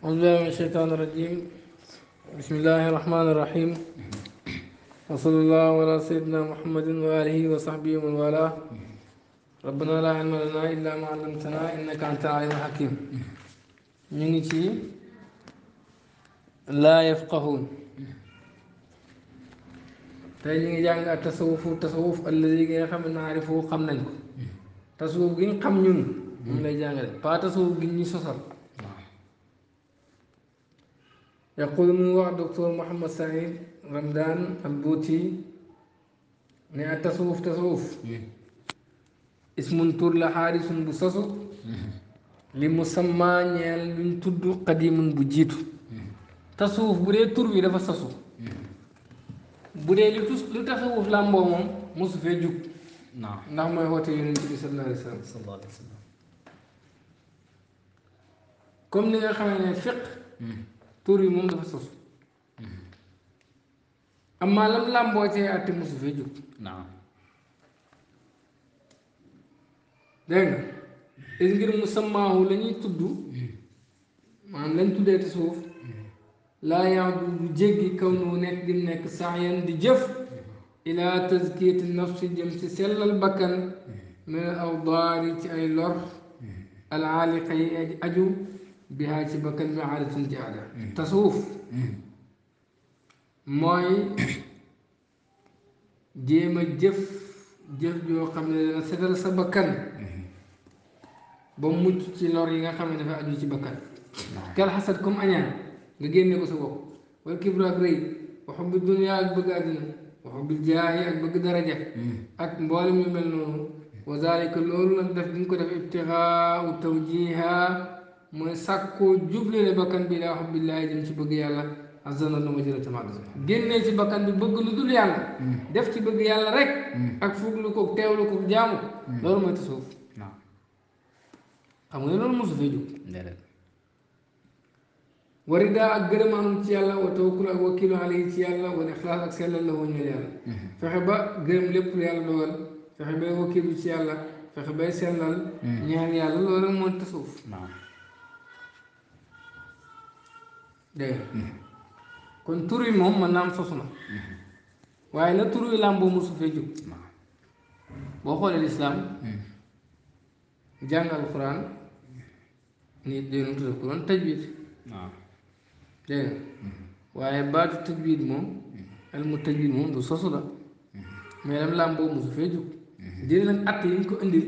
أعوذ بالله من الشيطان الرجيم بسم الله الرحمن الرحيم وصلى الله على سيدنا محمد وآله وصحبه ومن والاه ربنا لا علم لنا إلا ما علمتنا إنك أنت العليم الحكيم نيجي لا يفقهون tey نيجي ngi التصوف التصوف الذي tasawuf خم نعرفه خم نعرفه تصوف naarifu خم nañ ko tasawuf gi ñu xam ñun ñu يقول الموضوع الدكتور محمد سعيد رمضان البوتي ني نعم، التصوف تصوف إيه. اسم تور لا حارس بسسو إيه. لمسمى نيال نعم، من تد قديم بجيتو إيه. تصوف بري تور بي دا فا بري لو تصوف لامبو موم مسو في جوك نعم نعم mooy هوتي yonent bi sallallahu alayhi wasallam sallallahu alayhi wasallam comme ni nga xamee فقه tur yi moom dafa sos amaa lam làmboo cay àtte mosu fee jóg naam is ngir mu samaahu tudd maanaam lañ tuddee te suuf laa yaa du jéggi kaw nekk di nekk sax yan di jëf ilaa tazkiyati nafsi jëm si sellal bakkan min awdaari ci ay lor alaaliqa yi aju بهاي تبقى كلمة عادة جادة تصوف ماي جيم الجف جف جو خمنا سدل سبكان بموت تلوري غا خمنا في أجو تبكان نعم. كل حسدكم أنيا نجيم نبو والكبر أقري وحب الدنيا أكبر وحب الجاه أكبر درجة أكبر من ملنون وذلك الأول من كل ابتغاء وتوجيهها mooy sàkkoo jublee ne bakkan bi laa xubbillahi jëm ci bëgg yàlla azana lu ma jëla tamit génnee ci bakkan bi bëgg lu dul yàlla mm. def ci bëgg yàlla rek mm. ak fuglu ko teewlu ko jaamu mm. loolu mooy nga loolu mosu fee jóg warida ak gërëm am ci mm-hmm. fexe ba gërëm lépp lu yàlla dogal fexe bay wakilu fexe bay sellal ñaan loolu rek mooy tasawuf dégg nga mhm. kon tur moom mën naa am sos la mhm. waaye la tur yi làmboo mosu fee jóg boo xoolee lislaam mhm. jàngal quran nit yoonu tudda ko doon tajwid waaye baatu tajwid moom al mu tajwid moom du sosu la mais lam làmboo mosu fee jóg jëlee nag att yi ñu ko indil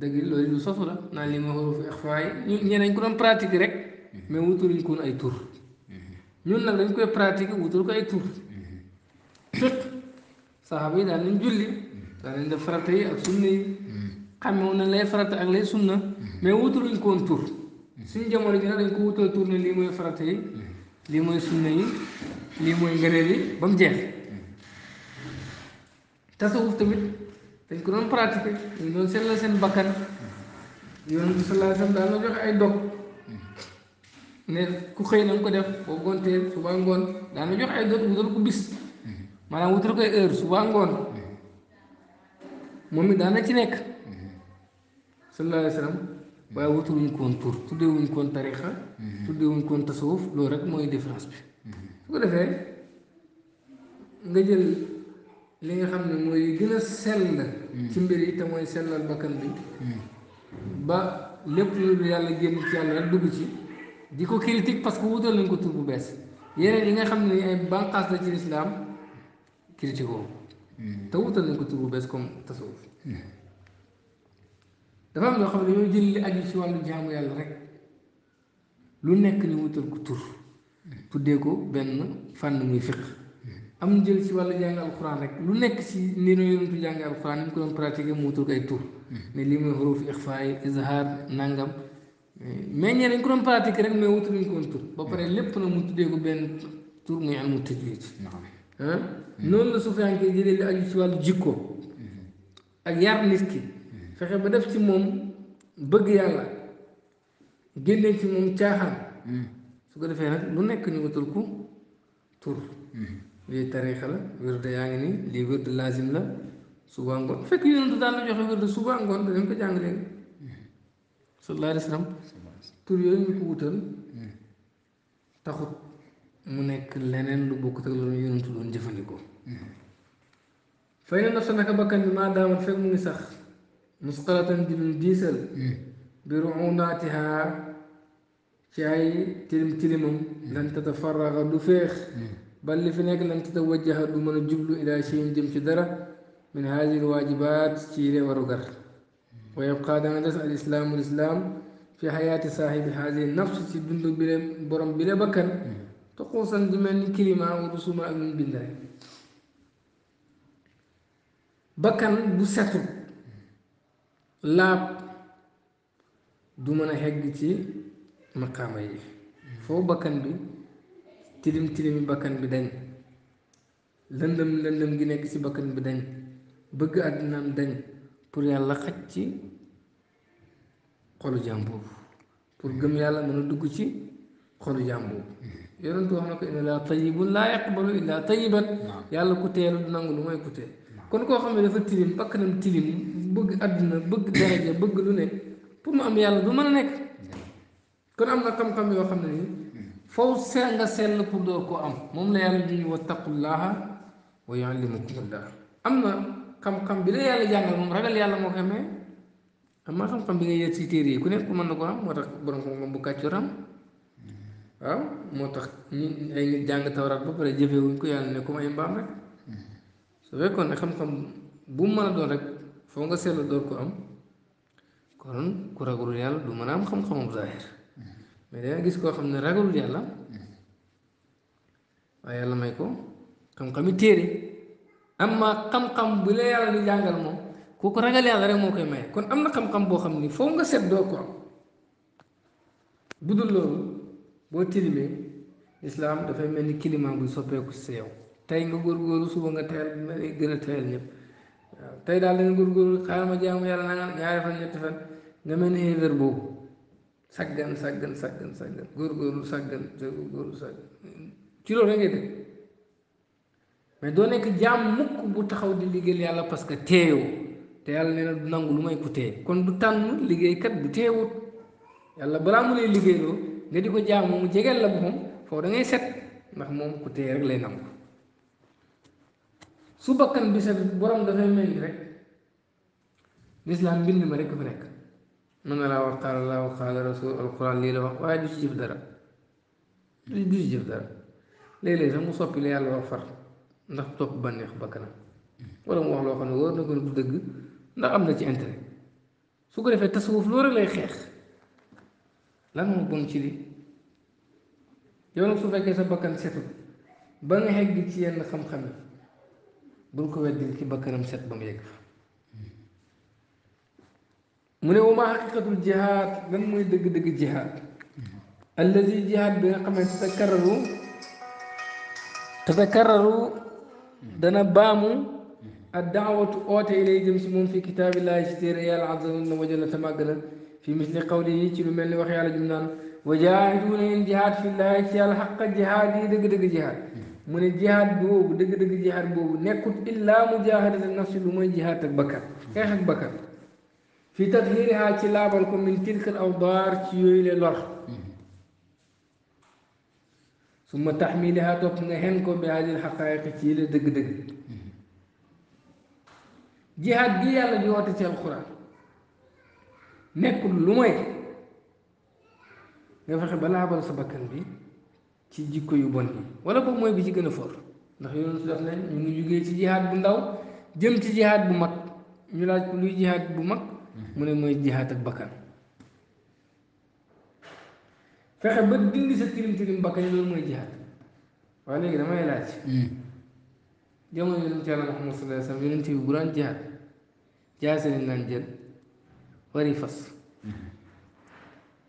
dëgg loolu du sosu la naan li ma ko fi ixfaay ñeneen ko doon pratique rek mais wutaluñ ko ay tour ñun nak dañ koy pratiquer wutul ko ay tour tout sahabi da ñu julli da ñu def farata yi ak sunna yi xamew na lay farata ak lay sunna mais wutul ko woon tour suñu jamono gi dañ ko wutul tour ne lii mooy farata yi li moy sunna yi lii mooy ngëneel yi ba mu jeex tasawuf tamit dañ ko doon pratiquer ñu don doon la sen bakkan yonente sallallahu alayhi wasallam da la jox ay dog ne ku xëy na ko def boo gontee suba ngoon daana jox ay dot wutal ko bis maanaam wutal koy heure suba ngoon moom it daana ci nekk sallallahu alayhi wa sallam waaye wutaluñ koon tur tuddewuñ koon tarixa tuddewuñ koon tasawuf loolu rek mooy différence bi su ko defee nga jël li nga xam ne mooy gën a sell ci mbir yi te mooy sellal bakkan bi ba lépp lu yàlla génn ci yàlla dugg ci di ko critique parce que wutal nañ ko tur bu bees yeneen yi nga xam ne ay bànqaas la ci lislaam critique ko hmm. te wutal nañ ko tur bu bees comme tasawuf hmm. dafa am loo xam ne dañoo jël li aju ci wàllu jaamu yàlla rek lu nekk ni wutal ko tur hmm. tuddee ko benn fànn muy fiq am jël ci wàllu jàng alquran rek lu nekk ci ni no yonentu jàng alquran ni mu ko doon pratiquer mu wutal ko ay tur ne ixfaay izhar nangam meññee dañ ko doon pratiquer rek mais wutaluñ ko woon tur ba pare hmm. lépp na mu tuddee ko benn tur muy am mu tajwiid ah hmm. noonu la su fekkee jëlee li aju jikko hmm. ak yar nit ki fexe ba def ci moom bëgg yàlla génnee ci moom caaxaan su ko defee nag lu nekk ñu wutal ko tur lii tariixa la wérde yaa ngi nii lii wérde lazim la suba ngoon fekk yonentu daan la joxe wérde suba ngoon danañ ko jàng sallallahu alayhi wa sallam tur yooyu ñu ko wutal taxut mu nekk leneen lu bokkut ak loolu yonent doon jëfandikoo fay na nafsa naka bakkan bi maa daamat fekk mu ngi sax musqalatan di luñ diisal bi ruunaatiha ci ay tilim tilimam lan tatafarraxa du féex bal li fi nekk lan tatawajjaha du mën a jublu ilaa shay'in jëm ci dara min haadihi alwaajibaat ci yile warugar wa yabqa dana des al islaamu lislaam fi xayaati saaxibi haadi nafs ci dund bi leen borom bi la bakkan te di mel ni kilimaa wa rusuma ak ñu bakkan bu setul laab du mën a xegg ci maqaama yi foo bakkan bi tilim tilimi bakkan bi dañ lëndëm lëndëm gi nekk ci bakkan bi dañ bëgg àddinaam dañ pour yàlla xaj ci xolu jaam pour gëm yàlla mën a dugg ci xolu jaam boobu mm-hmm. yonentu wax na ko inna laa tayibun laa yaqbalu illaa tayiban yàlla ku teelu du nangu lu mooy ku kon koo xam ne dafa tilim bakkanam tilim bëgg àdduna bëgg daraja bëgg lu ne pour mu am yàlla du mën a nekk kon am na xam-xam yoo xam ne nii mm-hmm. faw se nga sell pour door koo am moom la yàlla di ñu wattaqullaha wa yuallimukumullah am na xam-xam bi la yàlla jàngal moom ragal yàlla moo ko xamee amaa xam-xam bi nga yéeg si téere yi ku nekk mën na ko am moo tax borom xam-xam bu kàccoor am waaw moo tax ñu ay nit jàng tawraat ba pare jëfee ko yàlla ne comme ay mbaam rek su fekkoon ne xam-xam bu mu mën a doon rek foo nga seetlu door ko am kon ku ragalul yàlla du mën a am xam-xamam zaahir mais danga gis koo xam ne ragalul yàlla waaye yàlla may ko xam-xami téere am amma xam-xam bu la yàlla di jàngal moom kooku ragal yàlla rek moo koy maye kon am na xam-xam boo xam ni foofu nga set doo ko bu dul loolu boo tilimee lislaam dafay mel ni climat buy soppeeku si yow tey nga góorgóorlu suba nga teel gën a teel ñëpp waaw tey daal dañu góorgóorlu xaaral ma jaamu yàlla nanga ñaari fan ñetti fan nga mel ni héevér boobu saggan sàggan saggan saggan góorgóorlu góor góorgóorlu saggan ci loolu rek ngay dégg mais doo nekk jaam mukk bu taxaw di liggéeyal yàlla parce que teeyoo te yàlla nee na nangu lu may ku kon du tànn liggéeykat bu teewut yàlla balaa mu lay liggéeyloo nga di ko jaamu mu jegeel la boppam foofu da ngay set ndax moom ku rek lay nangu su bakkan bi sa borom dafay mel ni rek lislaam mbind ma rek fa nekk mën na laa wax qaala laa wax qaala rasul alquran lii la wax waaye du ci jëf dara du ci jëf dara léeg-léeg sax mu soppi la yàlla ndax topp bànneex bakkanam wala mu wax loo xam ne wóor na ko du dëgg ndax am na ci intérêt su ko defee tasawuf loolu rek lay xeex lan moo bon ci li yow nag su fekkee sa bakkan setul ba nga xegg ci yenn xam-xam yi bul ko weddil ci bakkanam set ba mu yegg fa mu ne wa ma xaqiqatul lan mooy dëgg-dëgg jihaad allazi jihaad bi nga xamante ne takarraru takarraru دنبامو الدعوة أوت إليه جمس مون في كتاب الله يشتير يا العز وجل تماقنا في مثل قوله يجل من الوحي على جمنان وجاهدون الجهاد في الله يشتير الحق الجهاد دق دق جهاد من الجهاد بوب دق دق جهاد بوب نكت إلا مجاهدة النفس لما جهاد بكر كي حق بكر في تطهيرها تلابركم من تلك الأوضار تيويل الوحي ثم تحميلها تطمئنكم بهذه الحقائق تيل دق دق جهاد دي يلا جواتي في القرآن نكل لمي نفخ بلا بلا سبكن بي تي جيكو يبون بي ولا بو موي بي جيغن فور ndax yoonu su def nañ ñu jugee ci jihaad bu ndaw jëm ci jihaad bu mag ñu laaj ko luy jihaad bu mag mu ne mooy jihaad ak bakkan fexe ba dindi sa tilim tilim bakkan yi loolu mooy jihaad waaye léegi damay laaj. Hmm. jamono yonent Yàlla Muhammad sallallahu alayhi wa sallam yonent bi bu daan jihaad jaase nañ naan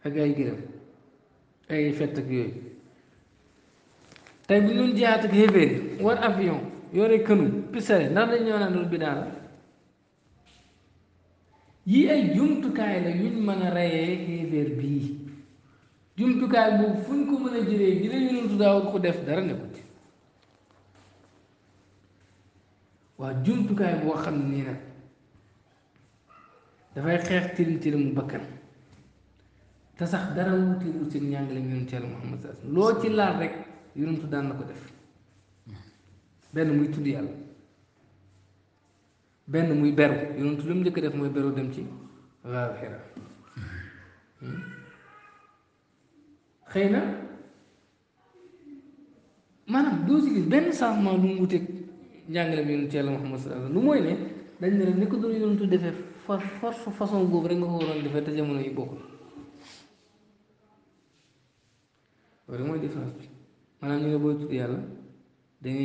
ak ay gërëm ay fett yooyu tey kënu pisare ndax dañ ñoo naan loolu bi daal yii ay jumtukaay la yuñ mën a reyee xéeféer bii. jumtukaay boobu fu ñu ko mën a jëlee dinañu leen tuddaa ko def dara ne ko ci waa jumtukaay boo xam nii nag dafay xeex tilim tilim bakkan te sax dara wuti wuti ñàngale yonent Yàlla Muhammad sallallahu alayhi wasallam loo ci laal rek yonentu daan na ko def benn muy tudd yàlla benn muy beru yonentu lu mu njëkk def mooy beru dem ci waaw xira xëy na maanaam doo si gis benn changement lu mu wuteeg njàngale mi yonent yàlla Muhammad sallallahu alayhi wa sallam lu mooy ne dañ ne rek ni doon yonentu defee fa force façon boobu rek nga ko waroon defee te jamono yi bokkul loolu mooy différence bi maanaam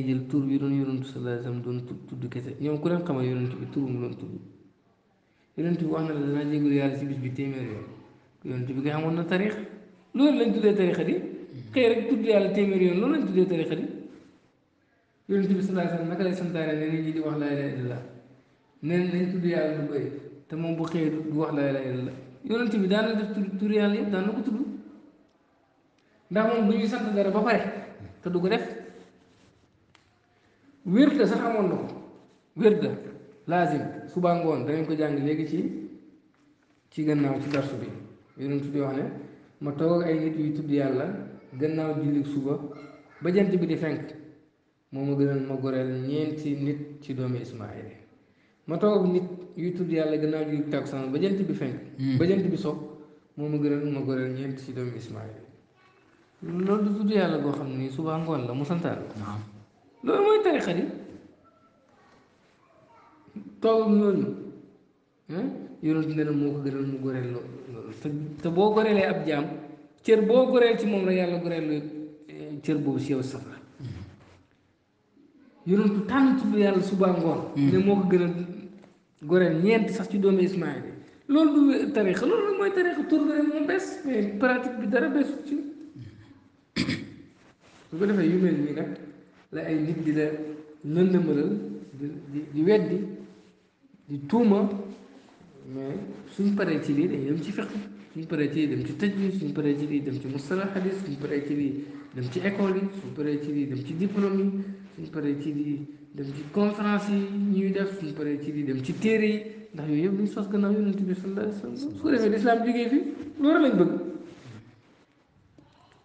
jël tur bi doon yonentu sallallahu tudd tudd kese ñoom ku leen xamal yonent bi tur mu tudd yonent wax na la danaa jégalu yàlla si bis bi téeméer yoon yonent bi nga xamoon na tarix loolu lañ tuddee tarixa di xëy rek tudd yàlla téeméeri yoon loolu lañ tuddee tarixa di yonent bi sallallahu alayhi wasallam lay santaane ne nit di wax laa ilaaha illallah tudd yàlla lu bëri te moom bu xëyee du wax laa ilaaha illallah yonent bi daan def tudd tur yàlla yëpp daan na ko tudd ndax moom bu ñuy sant dara ba pare te du ko def wér da sax amoon na ko wér da laazim suba ngoon danañ ko jàng léegi ci ci gannaaw ci darsu bi yonent bi wax ne ma toog ay nit yuy tudd yàlla gannaaw julli suba ba jant bi di fenk moo ma gënal ma goreel ñeenti nit ci doomi Ismaayil ma toog nit yuy tudd yàlla gannaaw julli takkusaan ba jant bi fenk hmm. ba jant bi so moo ma gënal ma goreel ñeenti ci doomi Ismaayil loolu du tudd yàlla goo xam ni suba ngoon la mu santaal loolu mooy tarixa yi toog ñooñu yonent bi ne moo ko gënal mu goreel loolu te boo goreelee ab jàmm cër boo goreel ci moom rek yàlla goreel eh, cër boobu si yow safara yonent bi tànn tudd yàlla suba ngoon mm. ne moo ko gënal goreel ñeent sax ci doomu Ismaayil loolu du tarixa loolu mooy tarixa tur bi rek bees mais pratique bi dara beesu ci su ko defee yu mel nii nag la ay nit di la lëndëmalal di di di tuuma mais suñ paree ci lii dañ dem ci fiq suñ paree ci lii dem ci tëj bi suñ paree ci lii dem ci mustala xadis suñ paree ci lii dem ci école yi suñ paree ci lii dem ci diplôme yi suñ paree ci lii dem ci conférence yi ñuy def suñ paree ci lii dem ci téere yi ndax yooyu yëpp luñ sos gannaaw yonent bi sallallahu alayhi wa sallam su ko defee lislaam jógee fi loolu lañ bëgg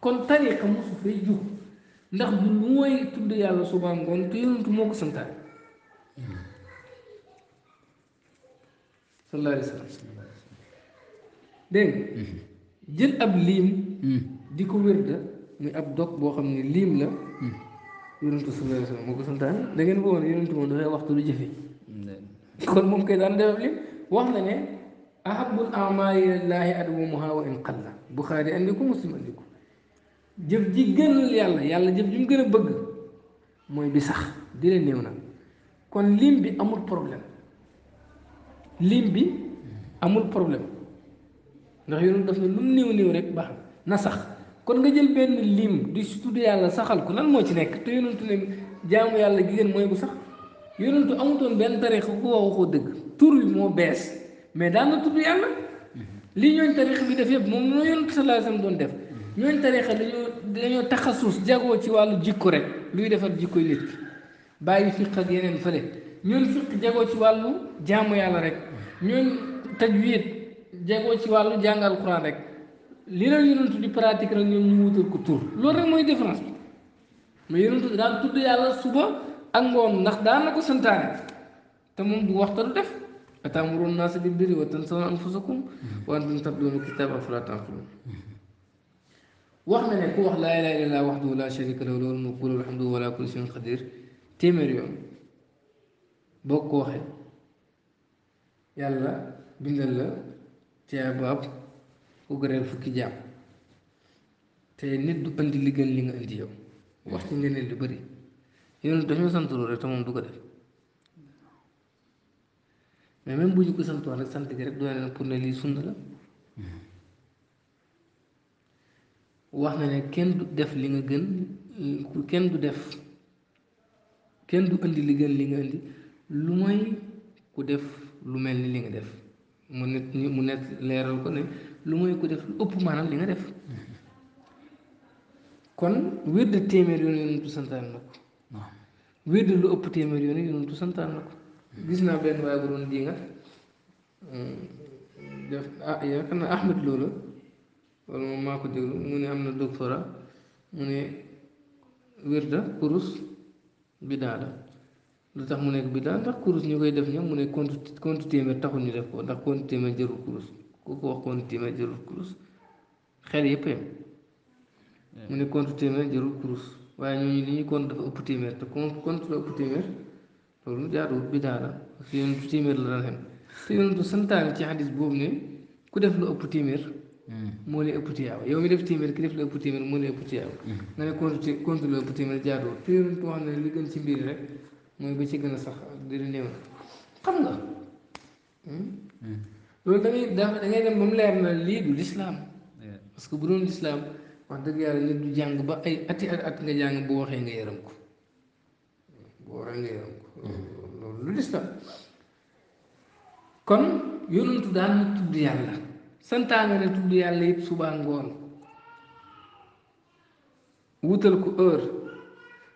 kon tariqa mosu fay jug ndax du lu mooy tudd yàlla suba ngoon te yonentu moo ko santaane sallallahu alayhi mhm. jël ab liim mhm. di ko wér da muy ab dog boo xam ne liim la mhm. yonentu sallallahu alayhi wa moo ko da ngeen ko woon moom dafay waxtu lu jëfe kon moom kay daan def wax na ne ahabul amaali lillaahi adwamuha wa in qalla buxaari andi ko muslim andi jëf ji gënal yàlla yàlla jëf ji mu gën a bëgg mooy bi sax di la néew nag kon liim bi amul problème lim bi amul problème ndax yoonu daf ne lu néew néew rek baax na sax kon nga jël benn liim di tudd yàlla saxal ko lan moo ci nekk te yonentu ne jaamu yàlla gi gën mooy bu sax yonentu amutoon benn tarixa ko waxoo dëgg tur moo bees mais daan na tudd yàlla li ñooñ tarixa def yëpp moom noo yonentu sallallahu alayhi wasallam doon def ñooñ tarixa dañoo dañoo taxasuus jagoo ci wàllu jikko rek luy defar jikkoy nit ki bàyyi fiq ak yeneen fële ñoon fiq jagoo ci wàllu jaamu yàlla rek ñun tajwid jegoo ci wàllu jàngal quran rek li la yonentu tuddi pratique rek ñoom ñu wutal ko tur loolu rek mooy différence bi mais tuddi daan tudd yàlla suba ak ngoon ndax daan na ko santaane te moom du waxta du def atamurun nas bi biri wa tansawna anfusakum wa antum tabduna kitaba fala taqilun waxna ne ku wax la ilaha illa allah wahdahu la sharika lahu lahul mulku wa lahul wa huwa alaa kulli shay'in qadiir téeméer yoon boo waxe yàlla bindal la tiyaabaab ku gëreel fukki jaam te nit du indi li gën li nga indi yow wax ci ngeneen lu bari yoonu dañoo sant rek te moom du ko def mais même bu ñu ko rek sant gi rek doy na pour ne lii sund la wax na ne kenn du def li nga gën kenn du def kenn du indi li gën li nga indi lu mooy ku def lu mel ni li nga def mu ne mu ne leeral ko ne lu mooy ko def lu ëpp maanaam li nga def kon wird téeméer yoon yonentu santaan na ko wird lu ëpp téeméer yoon yonentu santaan na ko gis naa benn waaye bu doon di nga def ah naa Ahmed loola wala moom maa ko déglu mu ne am na doctorat mu ne wirda kurus bi daala lu tax mu nekk biddaa ndax kurus ñu koy def ñoom mu ne compte compte téeméer taxul ñu def ko ndax compte téeméer jarul kurus ku ko wax compte téeméer jarul kurus xel yëpp yem mu ne compte téeméer jarul kurus waaye li ñuy compte dafa ëpp téeméer te compte la ëpp téeméer loolu jaaduwul biddaa la santaane ci xadis boobu ne ku def lu ëpp téeméer mm. moo lay ëpp tiyaaba yow mi def téeméer ki def la ëpp téeméer moo lay ëpp tiyaaba mm. nga ne compte compte la ëpp téeméer jaaduwul te yonentu wax ne li gën ci mbir rek mooy ba ci gën a sax ak di néew xam nga loolu da ngay da dem ba mu leer na lii du lislaam parce que bu doon lislaam wax dëgg yàlla nit du jàng ba ay ati at at nga jàng bu waxee nga yaram ko bu waxee nga yaram ko loolu lislaam kon yonantu daan tudd yàlla santaane na tudd yàlla yëpp subaa ngoon wutal ko heure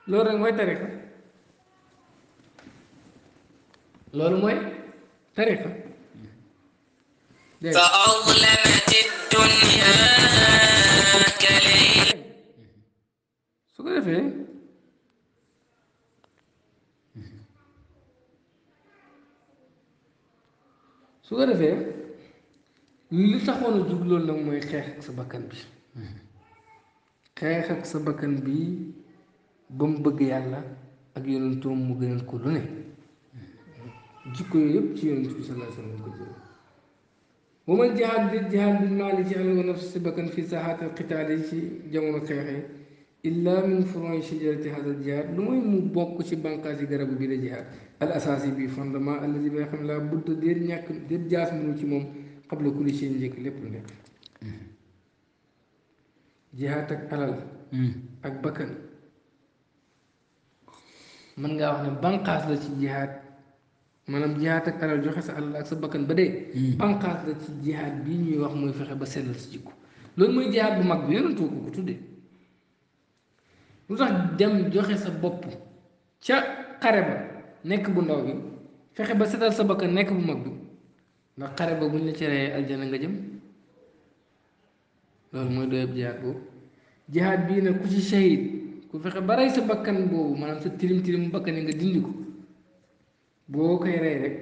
loolu rek mooy tere loolu mooy tariqa fa adlamati dunya kalay su ko defee su ko defee li taxoon a loolu nag mooy xeex ak sa bakkan bi xeex ak sa bakkan bi ba mu bëgg yàlla ak yonentoom mu gënal ko ne jikko yooyu yëpp ci yonent bi sallallahu alayhi wa sallam ko bu ma jihaad bi jihaad bi maali ci bakkan fii saxaatal xitaal yi ci jamono xeexee illa min furon shajarati hada jihaad lu mooy mu bokk ci bànqaas yi garabu bi la jihaad al asaasi bi fondement allazi bi xam laa budda déet ñàkk déet jaas mënu ci moom xabla kulli shay njëkk lépp lu nekk jihaad ak alal ak bakkan mën ngaa wax ne bànqaas la ci jihaad maanaam jihaat ak alal joxe sa alal ak sa bakkan ba dee hmm. banqaas la ci jihaat bii ñuy wax mooy fexe ba sellal si jikko loolu mooy jihaat bu mag bi yonent ko ko tuddee lu tax dem joxe sa bopp ca xare ba nekk bu ndaw bi fexe ba setal sa bakkan nekk bu mag bi ndax xare ba buñ la ci aljana nga jëm loolu mooy doyab jihaat boobu jihaat bii nag ku ci shahid ku fexe ba rey sa bakkan boobu maanaam sa tilim tilim mu yi nga dindi ko boo koy rey rek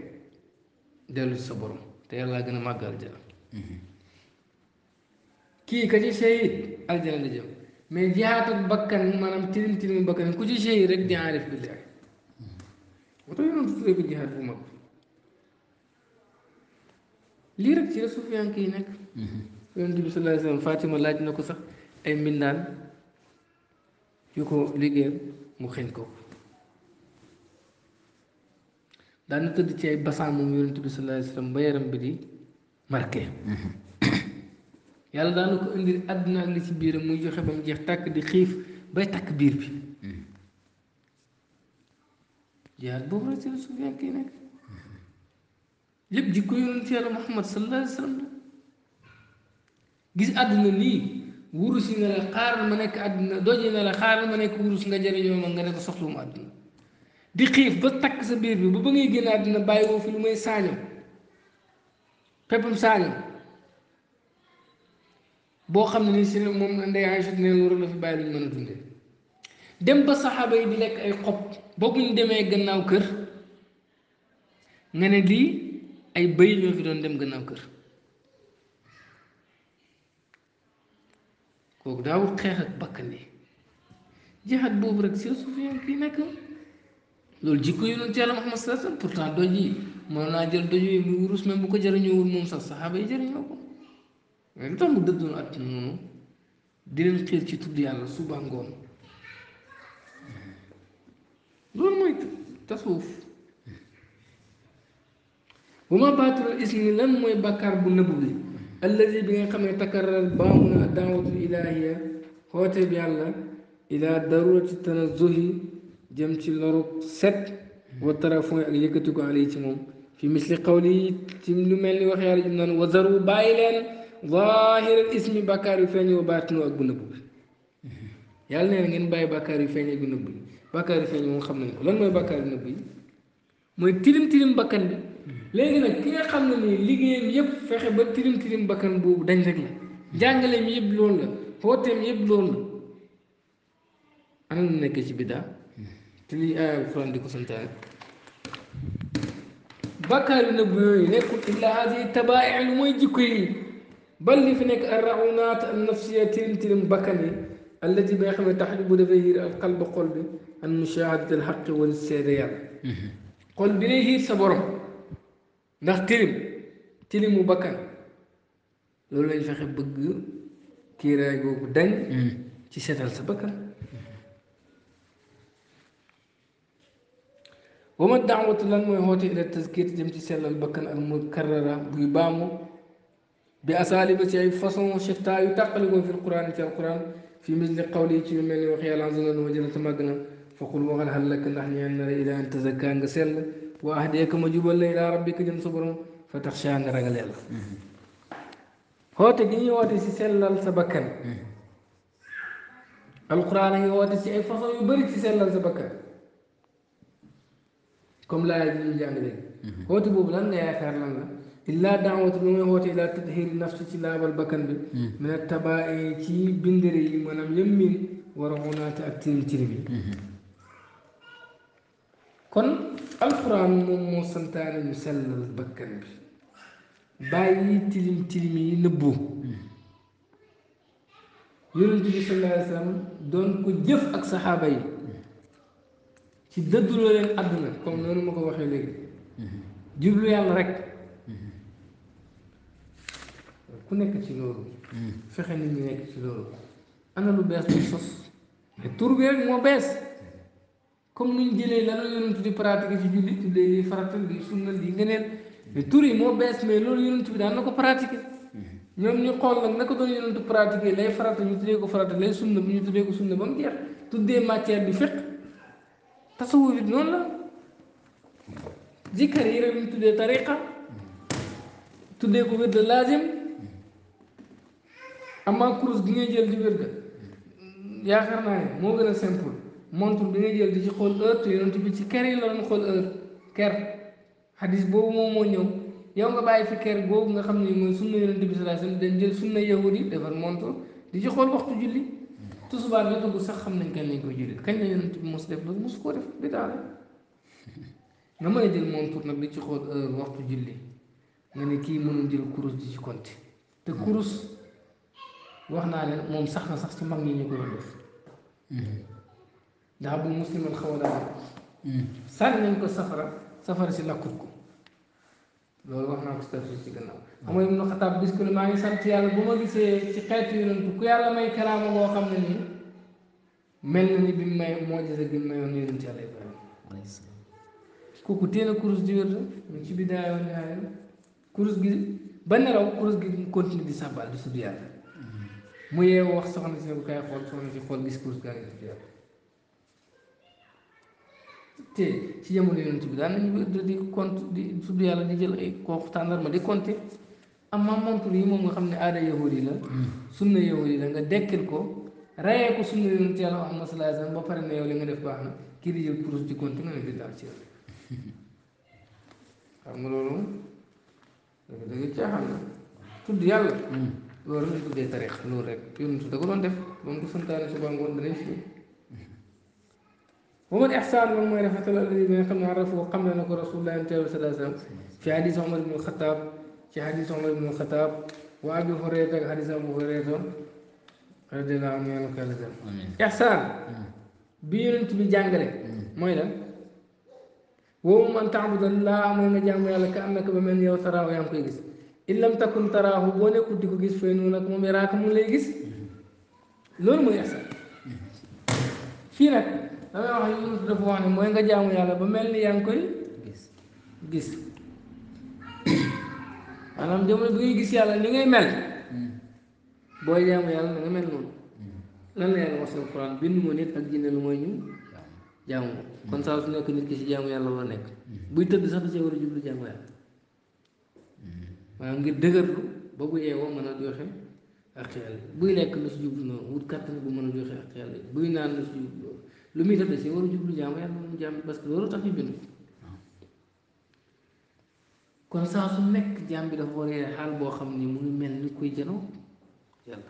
dellu ci sa borom te yàlla gën a màgg aljana mhm. kii ka ci seyit aljana la jëm mais jihaat ak bakkan maanaam tilim tilim bakkan ku ci seyit rek di aarif billahi mhm. moo tax yoon tuddee ko jihaat bu mag lii rek ci la sufiyanke yi nekk mhm. yonent bi sallallahu alayhi wa laaj na ko sax ay mbindaan yu ko liggéeyam mu xeñ ko daan tëdd ci ay basaan moom yonent bi sallallahu alayhi wa ba yaram bi di marqué. yàlla daan indi àdduna ak li ci biiram muy joxe ba jeex tàkk di xiif bay takk biir bi. jihaad boobu rek ci la suuf nekk lépp jikko yonent yàlla Muhammad sallallahu alayhi wa gis àdduna nii wurus yi nga la xaaral ma nekk àdduna doje na la xaaral ma nekk wurus nga jëriñoo ma nga nekk soxlum àdduna. di xiif ba takk sa biir bi ba ba ngay génn àddina bàyyi woo fi lu may saañoo peppam saañoo boo xam ne ni si moom ndey Aïcha ne war la fi bàyyi lu ñu mën a dunde dem ba saxaaba yi di lekk ay xob ba bu ñu demee gannaaw kër nga ne lii ay bëy ñoo fi doon dem gannaaw kër kooku daaw xeex ak bakkan yi boobu rek si suuf yaa ngi nekk loolu jikko yonent yàlla Muhammad sallallahu alayhi wasallam pourtant doj yi mënoon naa jël doj yi muy wurus même bu ko jëriñoowul moom sax saxaaba yi jëriñoo ko mais lu tax mu dëddoon àdduna noonu di leen xiir ci tudd yàlla suba ngoon loolu mooy tasawuf bu ma baatul ismi lan mooy bàkkaar bu nëbb bi allazi bi nga xam ne takkaral baamu na daawatu ilaahiya xoote bi yàlla ilaa darurati tanazuhi جمت لروب سب وطرفو يكتوك عليه تموم في مثل قولي تملو من اللي وخير جمنا وزرو بايلا ظاهر الاسم بكاري فاني وباتنو أقنبو يالنا نغن باي بكاري فاني أقنبو بكاري فاني ونخمنا لن موي بكاري نبوي موي تلم تلم بكان بي لأنه نك كي خمنا لي لغيم يب فخي با تلم تلم بكان بو دنجك لا جانجل يب لون لا خوتم يب لون لا أنا نكش بدا te lii aaya alxuraan di ko santaane bàkkaar yu nëbb yooyu nekkul illaa hadi tabaai lu mooy jikko yi bal li fi nekk arraunaat an nafsiya tirim tirim bakkan yi allati bi nga xam ne tax bu dafay hiir al qalb xol bi an mushaahadati al xaqi wala seede yàlla xol bi lay hiir sa borom ndax tirim tirimu bakkan loolu lañ fexe bëgg kiiraay googu dañ mm. ci seetal sa bakkan وما الدعوة لن يهوتي إلى تزكية الامتسال للبكن المكررة بيبامو بأساليب سيعي فصل وشفتا يتقلق في القرآن في القرآن في مثل قوله في المال وخيال عزنا وجنة مقنا فقل وغل هل لك نحن أن نرى إلى أن تزكى أنقسل وأهديك مجوب إلى ربك جن صبر فتخشى أن نرى غلالة هوتي جني واتي سيسل للسبكن القرآن هي واتي سيعي فصل comme laaya ji mhm. boobu lan nga yaakaar lan la illaa daawatu bi mooy xoote illaa tadhiri nafsi ci laabal mhm. ak tirim mhm. kon alxuraan moom moo santaane ñu sellal bakkan bi bàyyi tilim tilim yi nëbbu yonent bi sallallahu alayhi wa sallam doon ko jëf ak saxaaba ci dëdduloo leen àdduna comme noonu ma ko waxee léegi jublu yàlla rek ku nekk ci loolu fexe nit ñi nekk ci loolu ana lu bees lu sos mais tur bi rek moo bees comme nuñ jëlee la la yonent di pratiquer ci julli tuddee lii farata lii na lii ngeneen mais tur yi moo bees mais loolu yonent bi daan na ko pratiquer ñoom ñu xool nag na ko doon yonent pratiquer lay farata ñu tuddee ko farata lay sunna bu ñu tuddee ko sunna ba mu jeex tuddee matière bi fiq tasawuf it noonu la zikkar yi rek ñu tuddee tariqa tuddee ko wérd laazim amaa kurus gi ngay jël di wérd yaakaar naa ne moo gën a simple montre bi ngay jël di ci xool heure te bi ci ker yi la doon xool heure ker moo ñëw yow nga bàyyi fi ker boobu nga xam ne mooy sunna yonent bi sallallahu alayhi wasallam dañ jël sunna yahudi defar montre di ci xool waxtu julli tusubaar jotagul sax xam nañ kañ lañ koy julli kañ la yonent bi mos def loolu mosu koo def bi daal nga mën a moom pour nag di ci xool heure waxtu julli nga ne kii mënul jël kurus di ci compte te kurus wax naa ne moom sax na sax ci mag ñi ñu ko doon mm-hmm. ndax bu muslimal xaw a daal mm-hmm. sànni nañ ko safara safara si lakkut ko loolu wax naa ko stafir ci gannaaw xam nga ibnu xataab bis ku ne maa ngi sant yàlla bu ma gisee ci xeetu yonent ku yàlla may karaama boo xam ne nii mel na ni bi mu may moo gise bi mu mayoon yonent ci ibrahima kooku ci bidaaya wa nihaaya gi ba nelaw kurus gi mm-hmm. mu di sabbal di sudd yàlla mu yeewu wax soxna si ne bu kaay xool soxna si xool gis kurus gaa ngi sudd yàlla te ci jamono yonent bi daan nañu wérd di di tudd yàlla di jël ay kooku tàndarma di compter am maam montre yi moom nga xam ne aada yahudi la hmm. sunna yahudi la nga dekkil ko rayee ko sunna yonent yàlla Muhammad ba pare ne yow li nga def baax na kii di jël di compter nga ne biddaa ci yow xam nga loolu danga hmm. loolu lañ tuddee tariq loolu rek yonent def doon ko santaane suba ngoon danañ fi wa man ixsaan moom mooy rafetal alladi bi nga xam ne arafu xam na ne ko rasulullah sallallahu alayhi wa sallam fi hadis Omar ibn Xataab ci hadis Omar ibn Xataab wa Abi Hurayra ak hadis Abu Hurayra radiyallahu anhu yàlla ko yàlla def ixsaan bi yonent bi jàngale hmm. mooy lan woowu man taabuda laa mooy nga jàmm yàlla ka annaka ba mel ni yow taraahu yaa ngi koy gis in lam takun taraahu boo nekkul di ko gis fay noonu nag moom yaraaka mu lay gis hmm. loolu mooy ixsaan hmm. fii nag damay wax ne yunus dafa wax ne mooy nga jaamu yàlla ba mel ni yaa ngi koy gis gis maanaam bi ngay gis yàlla ni ngay mel hmm. booy jaamu yàlla na nga mel noonu hmm. lan la yàlla wax mooy ñu hmm. jaamu kon saa su nekk nit ki si jaamu yàlla war nekk buy tëdd sax da cee war a jublu jaamu yàlla maanaam ngir dëgërlu ba bu yeewoo mën a joxe ak xel buy lekk lu si jublu noonu wut kàttan bu mën a joxe ak xel buy naan lu si jublu lu mi def da si waru jublu jaamu yàlla mu jaam parce que loolu tax ñu bind kon saa su nek jaam bi dafa war a xaal boo xam mu ngi mel ni kuy janoo yalla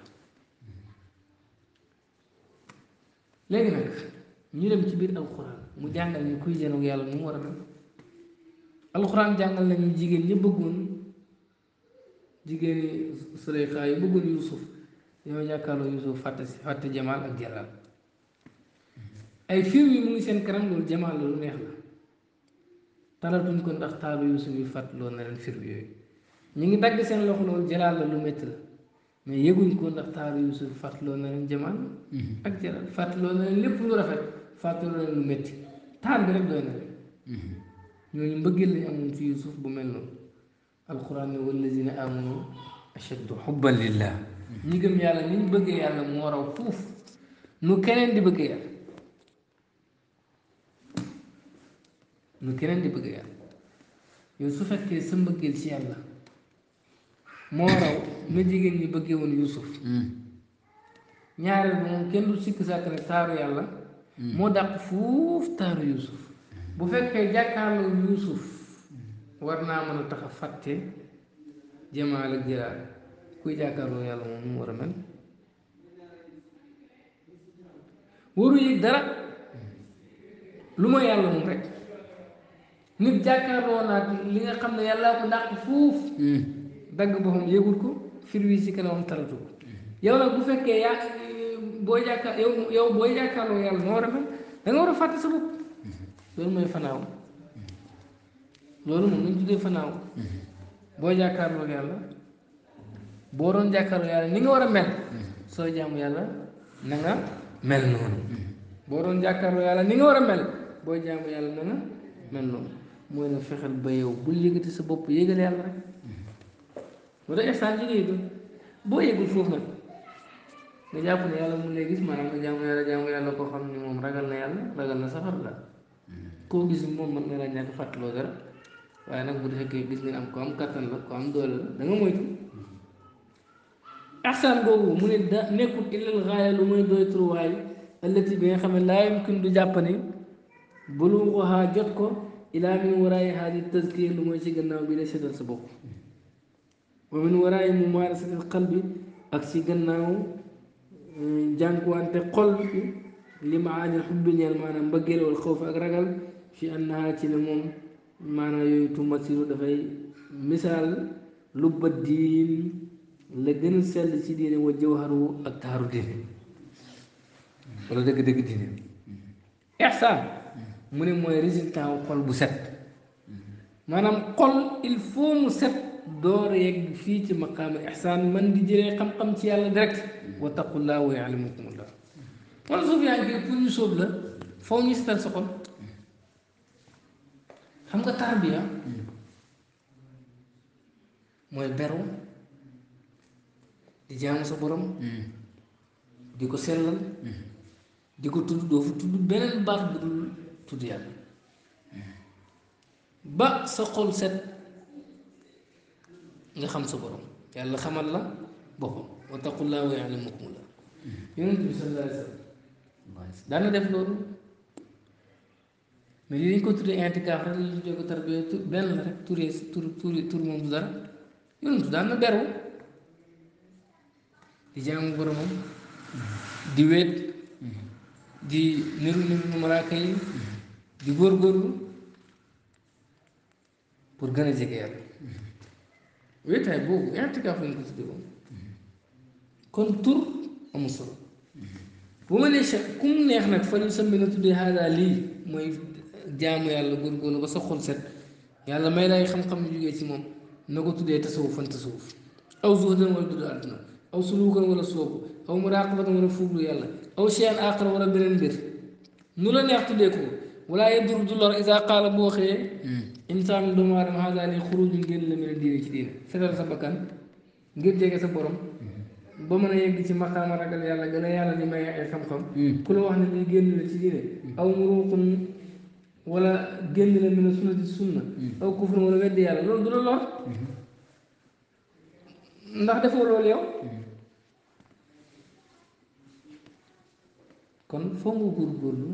legi nak ñu dem ci biir alquran mu jangal ni kuy janoo yalla mu wara a alquran jangal nañu jigéen ñi bëggoon jigéen yi Suleyxa yi bëggoon yusuf ñoo jàkkaarloo yusuf fatte fatte jamal ak Jalaal ay fiiw yi mu ngi seen kanam loolu jamaal loolu neex la talatuñ ko ndax taalu yu suñuy fàttaloo na leen fiiw yooyu ñu ngi dagg seen loxo loolu jalaal la lu metti la mais yëguñ ko ndax taaru Yusuf fàttaloo na leen jamaan mhm. ak jaral fàttaloo na leen lépp lu rafet fàttaloo na leen lu métti taar bi rek doy na leen mhm. ñooñu mbëggeel lañ amoon ci Yusuf bu mel noonu alquran ne wallazina amanu ashaddu xubban lillah mhm. ñi yàlla ni bëggee yàlla moo raw lu keneen di bëgg yàlla yow su fekkee sa mbëggeel ci yàlla moo raw na jigéen ñi bëggee woon Yuusuf hmm. ñaareel bi moom kenn du sikk sàkk ne taaru yàlla hmm. moo dàq fuuf taaru Yuusuf bu fekkee jàkkaarloo Yuusuf war naa mën a tax a fàtte jamaal ak jëlaal kuy jàkkaarloo yàlla moom mu war a mel waru yëg dara hmm. lu ma yàlla moom rek nit jàkkaarloo naa li nga xam ne yàllaa ko dàq fuuf hmm. dagg boppam yëgul ko firwi si kanamam taratu ko yow nag bu fekkee yaa yow booy jàkkaarloo yàlla noo war a mel nga war a fàtte sa mooy fanaaw loolu moom boo jàkkaarloo yàlla boo doon jàkkaarloo yàlla ni nga war a mel soo jaamu yàlla na nga mel noonu boo doon jàkkaarloo yàlla ni nga war a mel booy jaamu yàlla na nga mel noonu mooy ne fexeel ba yow bul yëgati sa bopp yëgal yàlla rek moo tax instant liggéey ba boo yëgul foofu nag nga jàpp ne yàlla mun lay gis maanaam nga jaamu yàlla jaamu ne ragal na yàlla ragal na safar la koo gis moom mën na fàttaloo dara waaye nag bu fekkee gis ko am kattan la ko ne da nekkul illal gaaya lu bi nga xam ne laa yumkin du jàpp ne buluuxuhaa jot ko إلى من وراء هذه التزكية اللي لموشي قلنا بلا شدر سبق ومن وراء ممارسة القلب أكسي قلنا آه، جانكو أنت قلب لمعاني الحب نيال معنى مبقل والخوف أقرقل في أنها تنمم معنى يتمثل دفعي مثال لب الدين لجن سل سي دينه وجوهره التهر دين ولا دك دك دين إحسان mu ne mooy résultat wu xol bu set maanaam xol il faut mu set door yegg fii ci maqaama ihsaan man di jëlee xam-xam ci yàlla direct wa taqullaa wa allah kon suuf yaa ngi pour ñu sóob la faw ñu setal sa xol xam nga tarbiya mooy beru di jaamu sa borom di ko sellal di ko tudd doo fa tudd beneen baat bu dul tudd yàlla ba sa xol set nga xam sa borom yàlla xamal la boppam wa taqullaa wa yaalamukum la yonent bi sallallahu alayhi wa sallam daana def loolu mais li ñu ko tuddee intikaaf rek lañu jóg tarbiya benn la rek turee tur tur tur moom du dara yonent daan na beru di jaamu boromam di wéet di niru niru malaaka yi di góorgóorlu pour gën a jege yàlla wéetaay boobu i'tikaaf lañ ko tuddee woon kon tur amul solo bu ma nee Cheikh neex nag fan yu sëmbi na tuddee haadaa lii mooy jaamu yàlla góorgóorlu ba sa xol set yàlla may laay xam-xam yu jógee ci moom na ko tuddee tasawufan tasawuf aw zuhdan wala dudd àdduna aw suluukan wala soobu aw muraqabatan wala fuuglu yàlla aw shay'an aaxar wala beneen mbir nu la neex tuddee ko. wala yadur du lor isa qaala boo xëyee hmm. insaan doomu aadama haada li xuruj ngeen la mën a diine ci diine setal sa bakkan ngir jege sa borom hmm. ba mën a yegg ci maqaama ragal yàlla gën a yàlla di maye ay xam-xam hmm. ku la wax ne li génn la ci diine aw muruqun wala génn la mën a sunna sunna aw kufur wala weddi yàlla loolu du la lor ndax defoo loolu yow kon foo nga góorgóorlu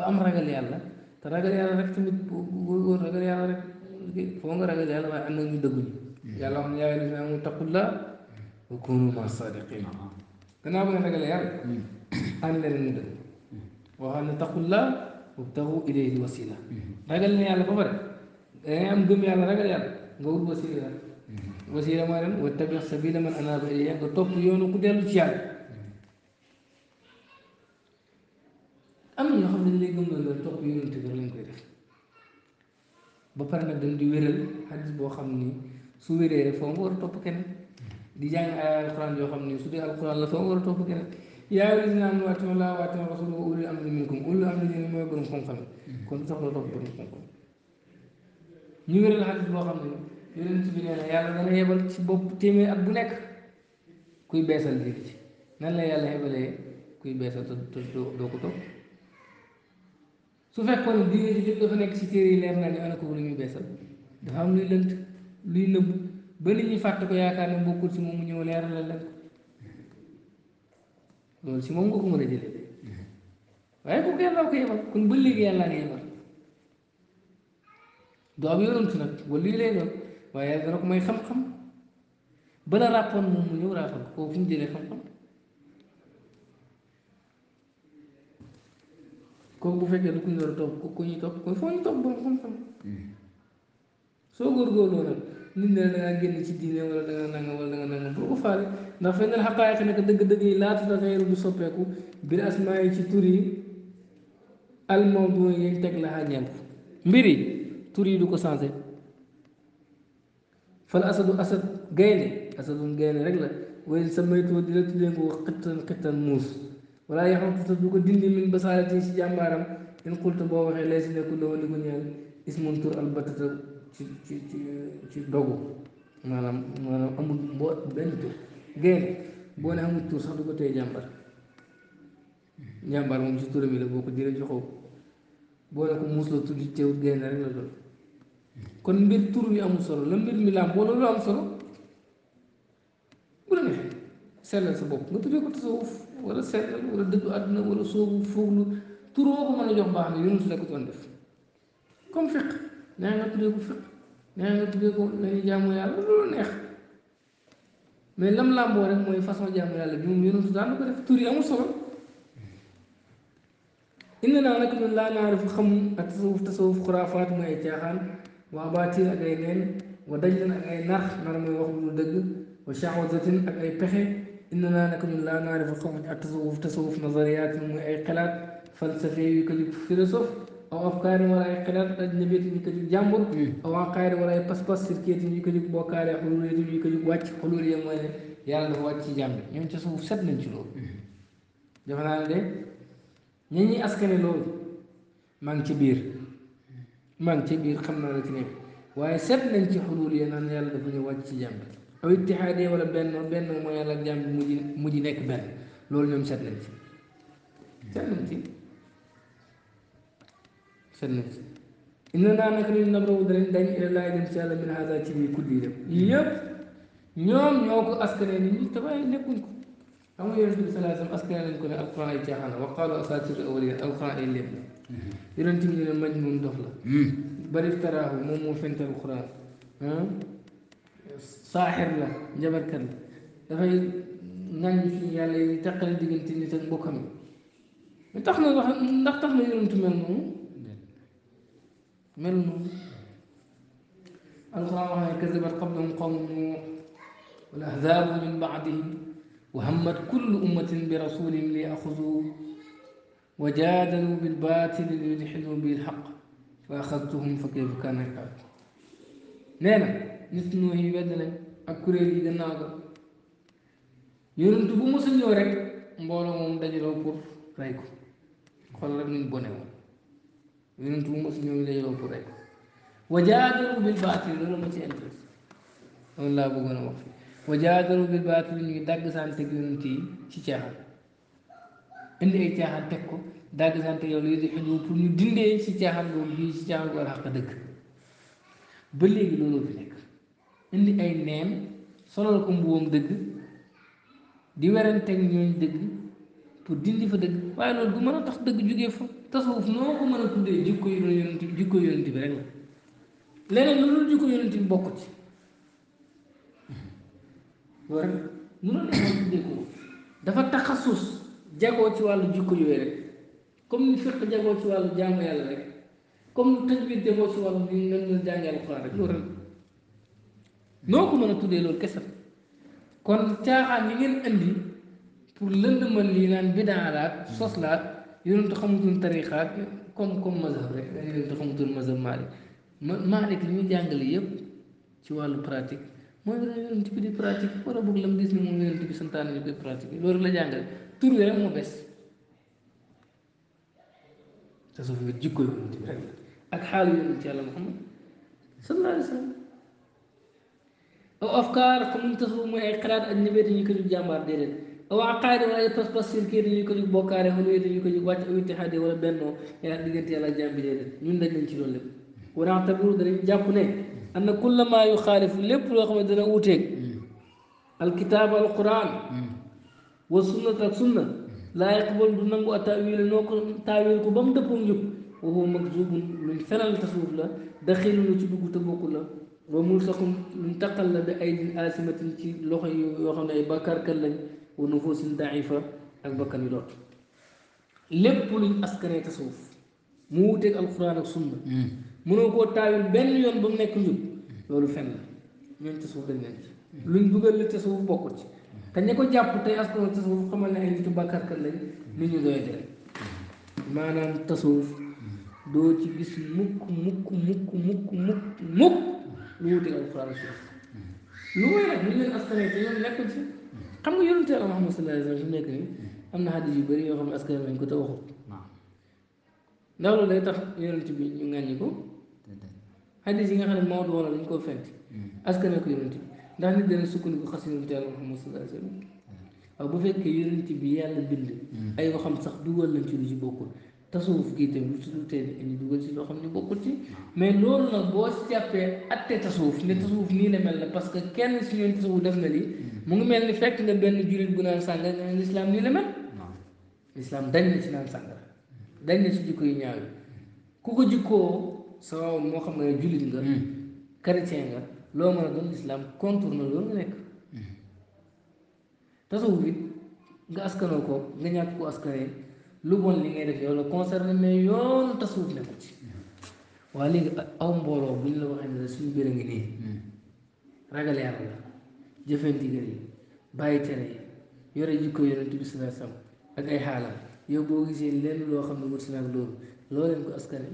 ba am ragal yàlla te ragal yàlla rek tamit booy góor ragal yàlla rek foo nga ragal yàlla waaye am na ñu dëgguñu yàlla wax ne yaa ayyuhal lazina aamanu taqullaah wa nga ragal yàlla ànd leen ñu dëgg waxal ne taqullaah wabtagu ilayhi wasiila ragal na yàlla ba pare dangay am gëm yàlla ragal yàlla nga wut wasiila wasiila mooy lan wattabi' sabiila man anaaba ilayya nga topp yoonu ku dellu ci yàlla am na ñoo xam ne dañ lay gëm la topp yonent bi lañ koy def ba nag dañ di wéral xadis boo xam ni su wéree rek foo di jàng yoo xam ne su dee kon soxla topp wéral xadis boo xam ne yàlla dana yebal ci bopp téeméer at bu nekk kuy beesal diine ci nan la yàlla yebalee kuy beesal doo ko topp. su fekkoon diine ji nekk ci téere yi leer naa ñu ana ko lu ñuy beesal dafa am luy lënt luy lëbb ba nit ñi fàtte ko yaakaar ne bokkul si moom mu ñëw leer la leen ko si moom nga ko mën a jëlee waaye kooku yàlla ko yebal xam-xam bala ràppoon moom mu ñëw ràppoon kooku fu ñu jëlee xam kooku bu fekkee du ku ñu war a topp ku ñuy topp ko foo ñu topp ba xam-xam hmm. soo góorgóorloo nag nit ne da ngaa génn ci diine wala da nga nangam wala da nga nangam boo ko faale ndax fay nal xaqaayiq nekk dëgg-dëgg yi laatu taxeeru du soppeeku biir asmaa yi ci tur yi almawdu yi teg la xaajal mbir yi tur yi du ko sensé fal asadu asad gaynde asadun gaynde rek la wayl sa maytoo di la tuddee nga xittan xittan muus wala yaxamtuta du ko dindi min basaarati si jàmbaaram in xulta boo waxee lay si nekku loo li ko ñeel ismun tur albatata ci ci ci ci dogu maanaam maanaam amul boo benn tur génn boo ne amul tur sax du ko tey jàmbar jàmbar moom si turam yi la boo ko jëlee ci xaw boo ne ko muus la tudd teewut génn rek la doon kon mbir tur mi amul solo la mbir mi làmboo loolu am solo sellal sa bopp nga tuddee ko tasawuf wala sellal wala dëddu àdduna wala soobu fooglu tur woo ko mën a jox baax na yonent la ko doon def comme fiq nee nga tuddee ko fiq nee nga tuddee ko lañuy jaamu yàlla loolu ak tasawuf tasawuf xuraafaat mooy caaxaan waa baatil ak ay neen wa daj lan ak ay nar nar mooy wax lu dëgg wa shahwatin ak ay pexe إننا نكون لا نعرف قواعد التصوف تصوف نظريات معيقلات فلسفية يكذب فيلسوف أو أفكار ولا عقلات أجنبية يكذب جامبر أو عقائد ولا بس سركيات يكذب بوكار حلولية يكذب واتش حلولية مولا يالا دفع واتش جامبر يوم يعني تصوف سبنا نشلو ci loolu dafa naa de ñi ñi askane loolu maa ngi ci biir maa ngi ci biir xam naa la ci aw ittihaadee wala benn benn mooy yàlla ak jaam bi mujj mujj nekk benn loolu ñoom seet nañ ci seet nañ ci seet nañ ci inna naa nag li nabrawu danañ dañ ila laa jëm si yàlla min hada ci lii kudd yi dem yii yëpp ñoom ñoo ko askane ni ñu tabaay nekkuñ ko xam nga yonent bi salaa sallam askane nañ ko ne alquran ay caaxaan la wa qaalu asaatiru awaliya alquran ay lépp la yonent bi ne maj moom dof la bari taraahu moom moo fental alquran ساحر لا جبر كن دا فاي نان في يالله لي تقل ديغنت نيت اك بوكام مي تخنا واخ ندخ تخنا يونت مل نو مل نو القران هاي كذبت قبلهم قوم والاحزاب من بعدهم وهمت كل امه برسولهم لياخذوه وجادلوا بالباطل ليدحدوا به الحق فاخذتهم فكيف كان عقاب نعم nit ñoo yi wedd nañ ak kuréel yi gannaaw ga yonent bu mos a ñëw rek mbooloo moom dajaloo pour rey ko xool rek nuñ bone woon yonent bu mos a dajaloo pour rey ko wajaadaru bil baatil loolu ma ci intéresse laa bëggoon a wax fi wajaadaru bil baatil ñu ngi dàgg sante yonent yi ci caaxaan indi ay caaxaan teg ko dàgg sante yow li di xiddu pour ñu dindee ci caaxaan boobu bii ci caaxaan boobu dëkk indi ay neen solal ko mbuwam dëgg di weranteeg ñooñ dëgg pour dindi fa dëgg waaye loolu du mën a tax dëgg jóge fa tasawuf noo ko mën a tuddee jikko yonent bi jikko yonent bi leen tuddee ko dafa taxasus jagoo ci wàllu jikko yooyu rek comme ni jagoo ci wàllu jaamu yàlla rek comme ni tajwid jagoo ci wàllu ni nan la jàngee alxuraan rek loolu rek noo ko mën a tuddee loolu kese kon caaxaan yi ngeen andi pour lëndëmal lii naan bidaalaat soslaat yonentu xamutoon tariixaat comme comme mazhab rek yonentu xamutoon mazhab Maalik ma Maalik li ñu jàngale yëpp ci wàllu pratique mooy la yonent bi di ni bi santaane loolu la jàngale tur bi rek moo bees te suuf bi ak xaalu yonent ci yàlla Muhammad sallallahu alayhi او افكار فمنتظر مو اقرار ان نبي دي كل جامار ديرن او عقائد ولا بس بس سيركير دي كل بوكار هنو دي كل وات او اتحاد ولا بنو يا ديغنت يلا جام بي ديرن نون داج نان سي لول لب ورا تبرو دري جاب ني ان كل ما يخالف لب لو خم دنا اوتيك الكتاب القران والسنه السنه لا يقبل دنو تاويل نوكو تاويل كو بام دبو نيو وهو مكذوب من فلان تصوف لا داخل لو تي بوكو تبوكو لا wa mun saxum luñ taqal la bi ay din asimatin ci loxo yi yoo xam ne ay bàkkaarkat lañ wa nufusin daifa ak bakkan yu doot lépp luñ askanee tasawuf mu wuteeg alquran ak sunna mënoo koo taawil benn yoon ba mu nekk njub loolu fen la ñoom tasawuf dañ leen ci luñ dugal la tasawuf bokkut ci te ña ko jàpp tey askan tasawuf xamal ne ay nitu bàkkaarkat lañ nit ñu doy dee maanaam tasawuf doo ci gis mukk mukk mukk mukk mukk mukk lu wuteeg alquran sunna lu mooy nag ñu leen askan te yoon nekkul ci xam nga yonente Yàlla Muhammad sallallahu alayhi wa sallam nekk nii am na xadis yu bëri yoo xam ne askan nañ ko te waxut ndax loolu day tax yonent bi ñu ŋàññi ko xadis yi nga xam ne Maodo wala dañ koo fent mm-hmm. askan ko yonent bi ndax nit dana sukkandiku xas yonente Yàlla Muhammad sallallahu alayhi wa sallam waaw bu fekkee yonent bi yàlla bind mm-hmm. ay waxam sax dugal lañ ci lu ci bokkul tasawuf gii tamit lu ci dutee ñu dugal ci loo xam ne bokkul ci mais loolu nag boo si jàppee atte tasawuf ne tasawuf nii la mel na parce que kenn si ñoom tasawuf def na lii mu ngi mel ni fekk nga benn jullit bu naan sàngara nga ne lislaam nii la mel lislaam dañ na ci naan sàngara dañ na ci jikko yu ñaaw yi ku ko jikkoo sa moo xam ne jullit nga hmm. chrétien nga loo mën a doon lislaam contourne loolu nga nekk hmm. tasawuf it nga askanoo ko nga ñàkk ko askanee lu bon li ngay def yow la concerné mais yoonu tasawuf ne ko ci waaye léegi aw mbooloo bu ñu la xam ne suñu mbir a ngi nii hmm. ragal la jëfee ndigal yi bàyyi tere yi yore jikko yonent bi sallallahu alayhi wasallam ak ay xaalam yow boo gisee lenn loo xam ne wut si nag loolu loo leen ko askane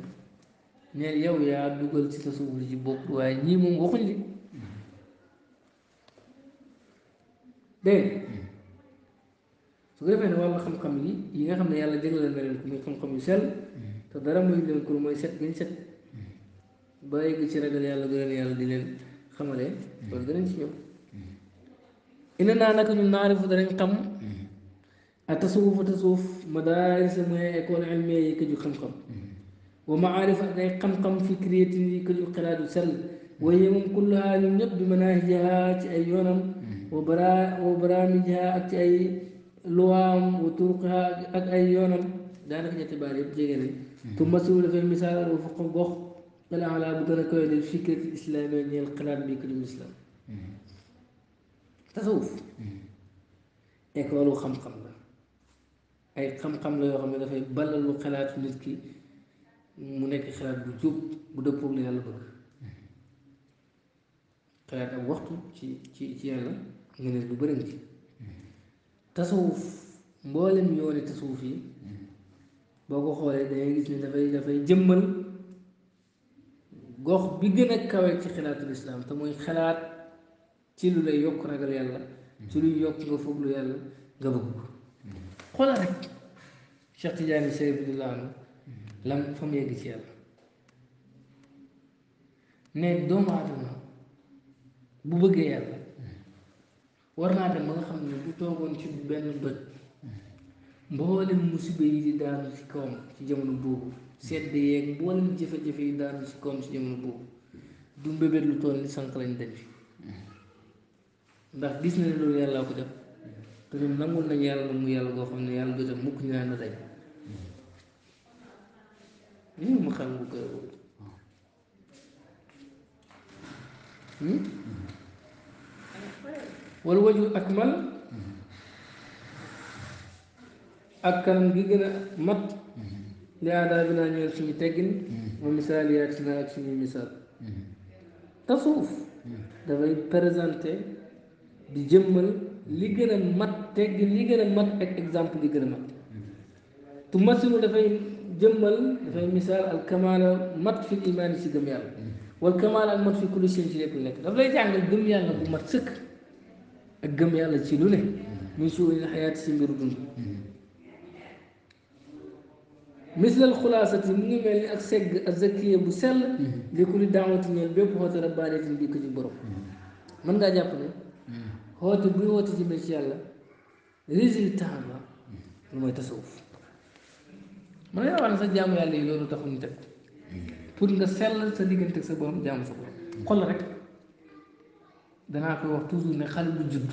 neen yow yaa dugal ci tasawuf ji bopp waaye ñii moom waxuñ li hmm. dégg Vraiment ne walla xam-xam yi yi nga xam ne yàlla jagleel na leen ko muy xam-xam yu sell te dara muy leen ko mooy set gañ set ba yegg ci ragal yàlla du leen yàlla di leen xamale loolu danañ ci ñëw ina naa naka ñun naarifu danañ xam a tasawuf a tasawuf madaaris mooy école ilmiya yi këju xam-xam wa maarif ak ay xam-xam fikriyatin yi këju xalaat yu sell waaye moom kullaha ñun ñëpp bi manaahijaha ci ay yoonam wa bara wa baraamijaha ak ci ay لوام وطرقها اك اي يونم دانك نيتي بار يب جيغن ثم سولف المثال وفق بوخ بلا على بدون كوي الفكر الاسلامي ني القران بك المسلم تصوف ايكولو خم خم اي خم خم لا يو خامي دا فاي بالالو خلات نيت كي مو نيك خلات بو جوب بو دوبو لي يالا بوك خلات ام وقت تي تي تي يالا ngene lu bëri tasawuf mboolem yooni tasawuf yi boo ko xoolee dangay gis ne dafay dafay jëmmal gox bi gën a kawe ci xalaatul islaam te mooy xalaat ci lu lay yokk ragal yàlla ci luy yokk nga foog lu yàlla nga bëgg ko xoolal rek Cheikh Tidiane Sy radiyallaahu anhu lam fa mu yegg ci yàlla ne doomu aadama bu bëggee yàlla war naa dem ba nga xam ne bu toogoon ci benn bët mboolem musibe yi di daanu ci kawam ci jamono boobu sedd yeeg mboolem jafe-jafe yi daanu ci kawam ci jamono boobu du mbébét lu toll ni sànq lañ dem ci ndax gis na ne loolu yàlla ko def te ñun nangul nañ yàlla mu yàlla goo xam ne yàlla du def mukk ñu naan na ñu ma xam bu koy Hmm? والوجه الأكمل أكل جيجنا مط لعذابنا نيرسمي تجن ومثال ياكسنا ياكسمي مثال تصوف دابا بريزانتي بجمل لجنا مط تجن لجنا مط اكزامبل لجنا مط تمثل دابا جمل في مثال الكمال مط في الايمان سيدم يالله والكمال المط في كل شيء يكون لك دابا يجي عند الدنيا لك مط سكر أقم يا الله تشيلوا له من سوء الحياة سمير مثل الخلاصة من من أكسج الزكية بسل لكل دعوة من البيب هو ترى بارك فيك جبرو من ذا جابنا هو تبي هو تجيب إن شاء الله رزق تامه لما يتسوف ما يعرف أنا سجام يا الله يلو تخون تك بقول لك سل سديك أنت سبب جام سبب كل ركب danaa koy wax toujours ne xale bu judd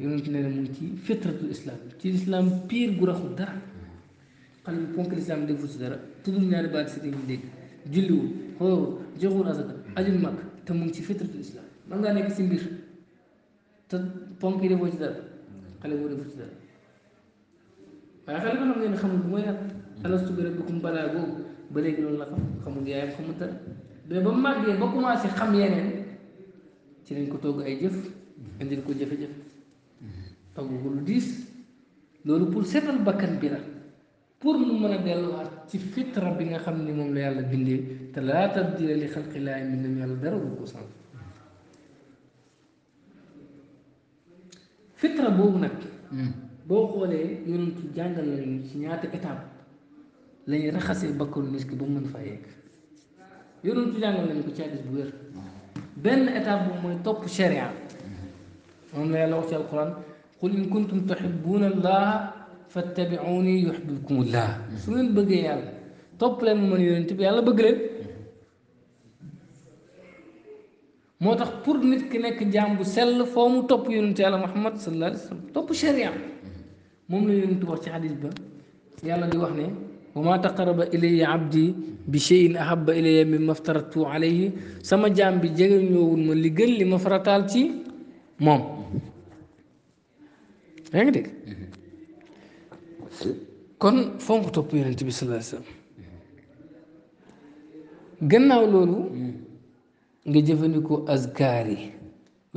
yonent ne ne mu ci fitratul islam ci islam pire gu raxul dara xale bu ponk lislaam defu si dara toujours ñaari baat si dañuy dégg julliwul xoolul joxul asaka ajul mag te mu ngi ci fitratul islam man ngaa nekk si mbir te ponk yi defoo ci dara xale boo defu ci dara waaye xale ba xam ngeen ne xamul bu may alastu bi rabbikum balaa googu ba léegi loolu la xam xamul yaayam xamul dara mais ba mu màggee ba commencé xam ci lañ ko togg ay jëf indil ko jafe-jafe togg ko lu diis loolu pour seetal bakkan bi la pour mu mën a delluwaat ci fitra bi nga xam ni moom la yàlla bindee te laa tabdila li xalqillaahi mbindam yàlla dara bu ko sant fitra boobu nag boo xoolee yonent jàngal nañu ci ñaata étape lañuy raxasee bakkanu nit ki ba mu mën faa yegg yonent jàngal nañu ko ci hadiis bu wér بن اتاب موي توب شريعه مم لا لو في القران قل ان كنتم تحبون الله فاتبعوني يحببكم الله سنين بغى يالا توب لين من يونت بي يالا بغى لين موتاخ بور نيت كي نيك جامب سيل فومو توب يونت يالا محمد صلى الله عليه وسلم توب شريعه مم لا يونت بو سي حديث با يالا دي واخني وما تقرب إلي عبدي بشيء أحب إلي مما افترضت عليه sama jaam bi jege ñëwul ma li gën li ma farataal ci moom yaa ngi dégg kon fonk topp yonent bi sallallahu alayhi wasallam gannaaw loolu nga jëfandikoo azkaar yi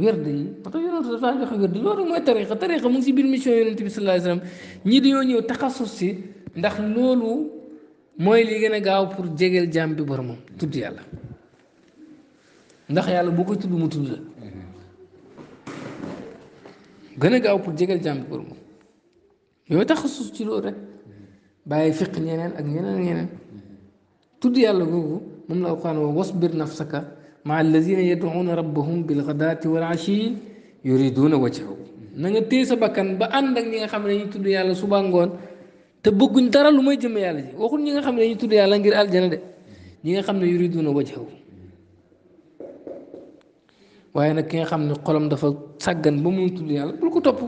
wérd yi moo tax yonent dafa joxe wérd loolu mooy tariqa tariqa mu ngi si biir mission yonent bi sallallahu alayhi wasallam ñii dañoo ñëw taxasus si ndax loolu mooy li gën a gaaw pour jegeel jaam bi boromam tudd yàlla ndax yàlla bu koy tudd mu tudd la gën a gaaw pour jegeel jaam bi boromam tax taxasus ci loolu rek bàyyi fiq ñeneen ak ñeneen ñeneen tudd yàlla googu moom la alquran wa wasbir nafsaka ma allazina yad'uuna rabbahum bilgadaati wal ashi yuriduuna wajhahu na nga téye sa bakkan ba ànd ak ñi nga xam ne ñu tudd yàlla suba ngoon te bëgguñ dara lu may jëm yàlla ji waxul ñi nga xam ne dañuy tudd yàlla ngir aljana de ñi nga xam ne yuriduna wajhahu waaye nag ki nga xam ne xolam dafa sàggan ba mu tudd yàlla bul ko topp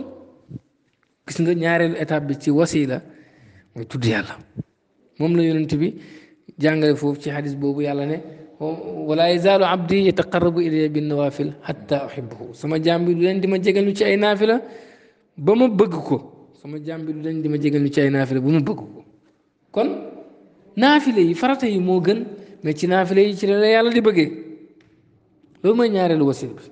gis nga ñaareelu étape bi ci wasila mooy tudd yàlla moom la yonent bi jàngale foofu ci xadis boobu yàlla ne wala yazaalu abdi yataqarrabu ilayya bin nawafil hatta uhibbahu sama jaam bi du leen di ma jegal ci ay naafila ba bëgg ko sama jàmm bi du di ma jégalu ci ay bu mu bëgg kon naafile yi farata yi moo gën mais ci naafile yi ci la la yàlla di bëggee loolu mooy ñaareelu wasil bi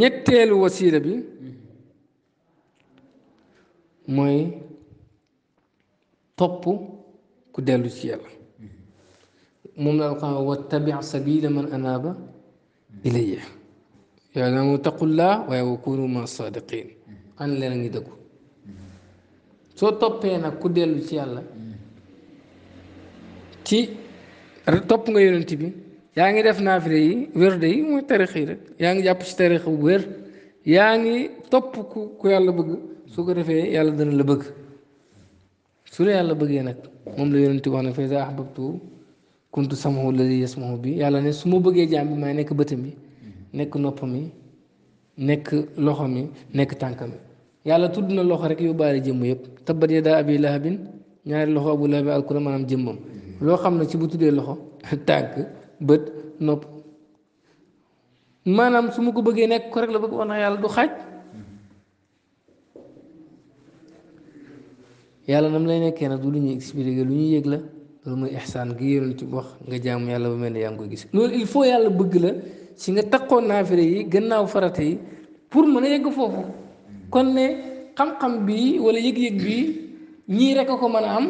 ñetteelu wasiila bi mooy topp ku dellu ci yàlla moom la alquran wattabi sabila man anaaba ilayya yow naa mu taqullah waaye wa kunu ma sadiqin an leen a ngi dëggu soo toppee nag ku dellu ci yàlla ci topp nga yonent bi yaa ngi def naafile yi wérde yi mooy tarix yi rek yaa ngi jàpp ci tarix bu wér yaa ngi topp ku yàlla bëgg su ko defee yàlla dana la bëgg su la yàlla bëggee nag moom la yonent wax ne fa iza ahbabtu kuntu samahu alladi yasmahu bi yàlla ne su ma bëggee jaam bi maay nekk bëtam bi nekk noppam mi nekk loxo mi nekk tànkam mi yàlla tudd na loxo rek yóbbaale jëmm yëpp daa yadaa abi lahabin ñaari loxo abu lahabin alkura maanaam jëmmam loo xam ne ci bu tuddee loxo tànk bët nopp maanaam su ma ko bëggee nekk ko rek la bëgg wax na yàlla du xaaj yàlla nam lay nekkee nag du lu ñuy expliqué lu ñuy yëg la loolu mooy ihsaan gi yonent bi wax nga jaamu yàlla ba mel ne yaa ngi koy gis loolu il faut yàlla bëgg la si nga takkoon naafile yi gannaaw farata yi pour mën a yegg foofu kon ne xam-xam bi wala yëg-yëg bi ñii rek a ko man a am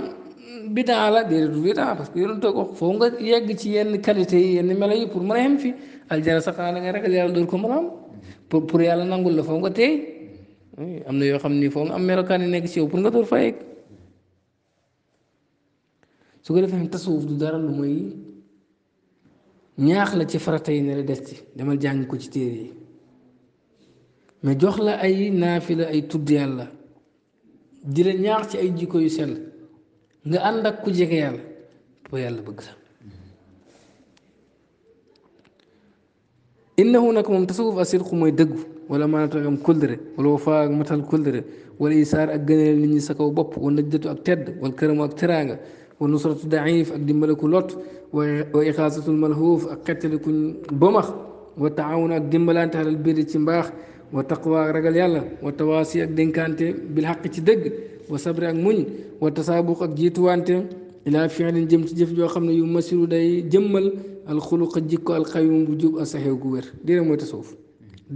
bidaa la déedéet du bidaa parce que yonent toog foo nga yegg ci yenn qualité yi yenn melo yi pour mën a yem fi aljana sax xanaa da nga ragal yàlla ko mën am pour pour yàlla nangul la foo nga tey am na yoo xam ni foo nga am melokaan yi nekk ci yow pour nga door fa su ko defee tasawuf du dara lu mooy ñaax la ci farata yi ne la des ci demal jàng ko ci téere yi mais jox la ay naafila ay tudd yàlla di la ñaax ci ay jikko yu sell nga ànd ak ku jege yàlla pour yàlla bëgg la innahu nag moom tasawuf asirqu mooy dëggu wala maanaam am kuldere wala wafaa ak wala isaar ak gënaleel nit ñi sa kaw bopp wala najjatu ak tedd wala këramu ak teraanga ونصرة الضعيف أقدم ملك لوط وإخاصة الملهوف أقتل كن بمخ وتعاون أقدم ملانت على البر تنباخ وتقوى رجل يلا وتواسي أقدم كانت بالحق تدق وصبر أمن وتسابق أجيت وانت إلى فعل جمت جف جو خمنا يمسر داي جمل الخلق جيكو القيوم بجوب أسحيو قوير دير موتسوف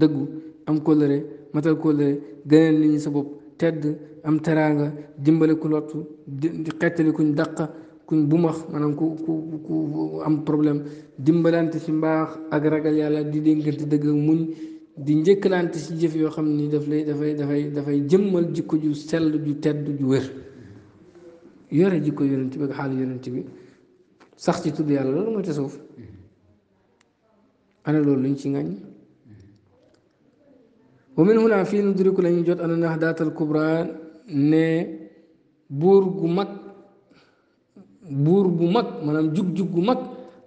دقو أم كولري متل كولري غنين لين سبب تد am teranga dimbale ku lottu di xétali kuñ dakk kuñ bu max manam ku ku am problème dimbalante ci mbax ak ragal yàlla di dénkante dëgg ak muñ di ñeeklante ci jëf yo xamni daf lay da da fay fay da fay jëmmal jikko ju sel ju tedd ju wér yore jikko yonent bi ak xaal yonent bi sax ci tuddu yàlla loolu mooy suuf ana loolu luñ ci ngañ ومن هنا في ندرك لن يجد أن jot ana ne buur gu mag buur bu mag maanaam jug-jug gu mag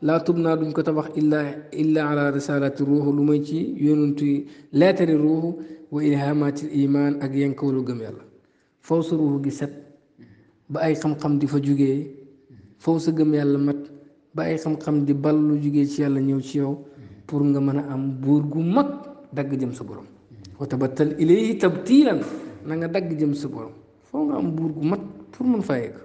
laa tub naa duñ ko tabax illa illaa ala risalati lu may ci yonuntu leetari ruuxu wa ilhamati iman ak yankawalu gëm yàlla faw sa ruuxu gi set ba ay xam-xam di fa jugee faw sa gëm yàlla mag ba ay xam-xam di bal lu jugee ci yàlla ñëw ci yow pour nga mën a am buur gu mag dagg jëm sa borom wa tabattal ilayhi tabtilan na nga dagg jëm si borom foo nga am buur gu mat pour mun faa yegg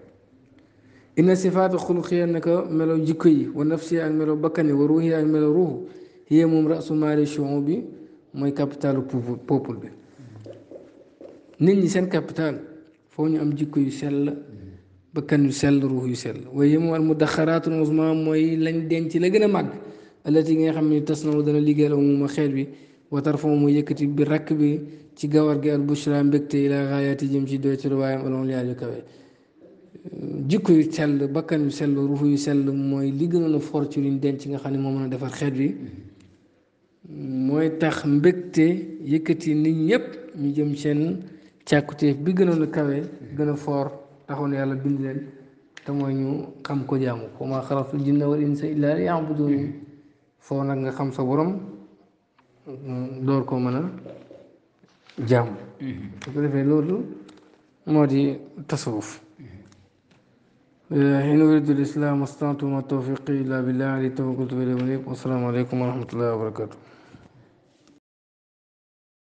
inna sifaatu xuluqiya naka melo jikko yi wa nafsi ak melo bakkan yi wa ruux yi ak melo ruuxu hiya moom rasu maari chon bi mooy capitalu peuple bi nit ñi seen capital foo ñu am jikko yu sell bakkan yu sell ruux yu sell waaye yéen wal mu daxaraatu mooy lañ denc la gën a màgg alati nga xam ne tas na dana liggéeyal amuma xeet bi watar foo mu yëkkati bi rakk bi ci gawar gi al bushra mbégte ila xaayaati jëm ci doy ci waayam aloon yaar kawe jikko yu sell bakkan yu sell ruuxu yu sell mooy li gënoon a for ci luñ denc nga xam ne moo mën a defar xeet wi mooy tax mbégte yëkkati nit ñëpp ñu jëm seen càkkutéef bi gënoon a kawe gën a for taxoon yàlla bind leen te mooy ñu xam ko jaamu ko ma xalaqtul jinna wal insa illa liya'budun foo nag nga xam sa borom door koo mën a jàmm mm-hmm. su ko defee loolu moo di tasawuf eh, in uridu l islam astantu ma tawfiqi illa billah alayhi tawakkaltu wa ilayhi unib wassalaamu aleykum wa rahmatullahi wa barakatuh